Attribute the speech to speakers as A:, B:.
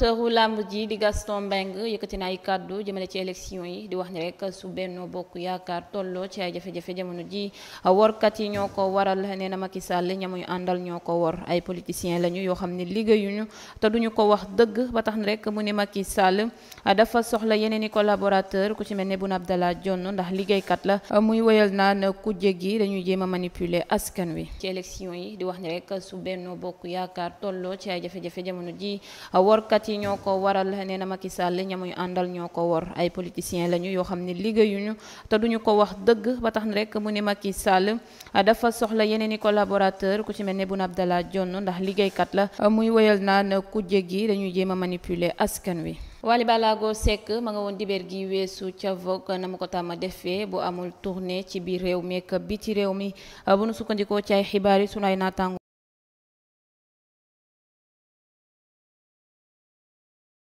A: teuru làmb ji di Gaston Mbengue yëkkati na ay kàddu jëmale ci élection yi di wax ni rek su benn Bokk Yaakaar tolloo ci ay jafe-jafe jamono ji workat yi ñoo ko waral nee na Macky Sall ñamuñu àndal ñoo ko wor ay politiciens lañu yoo xam ne liggéeyuñu te duñu ko wax dëgg ba tax na rek mu ne Macky Sall dafa soxla yeneen i collaborateur ku ci mel ne Boun Abdallah Dionne ndax liggéeykat la muy woyal naan kujje gi dañuy jéem a manipuler askan wi ci élection yi di wax ni rek su benn Bokk Yaakaar tolloo ci ay jafe-jafe jamono ji workat kat yi ñoo ko waral nee na Macky Sall ñamuy àndal ñoo ko wor ay politiciens lañu yoo xam ne liggéeyuñu te duñu ko wax dëgg ba tax rek mu ne Macky ku ci mel ne Boun Abdallah jonn ndax liggéeykat la muy naa naan ku gi dañuy jéem a manipuler askan wi. Wally Ballago Seck ma nga woon dibeer gi weesu ca Vogue na mu ko tàmm defee bu amul tournée ci biir réew mi ak biti réew mi bu nu sukkandikoo ci ay xibaar yi sunu ay naataango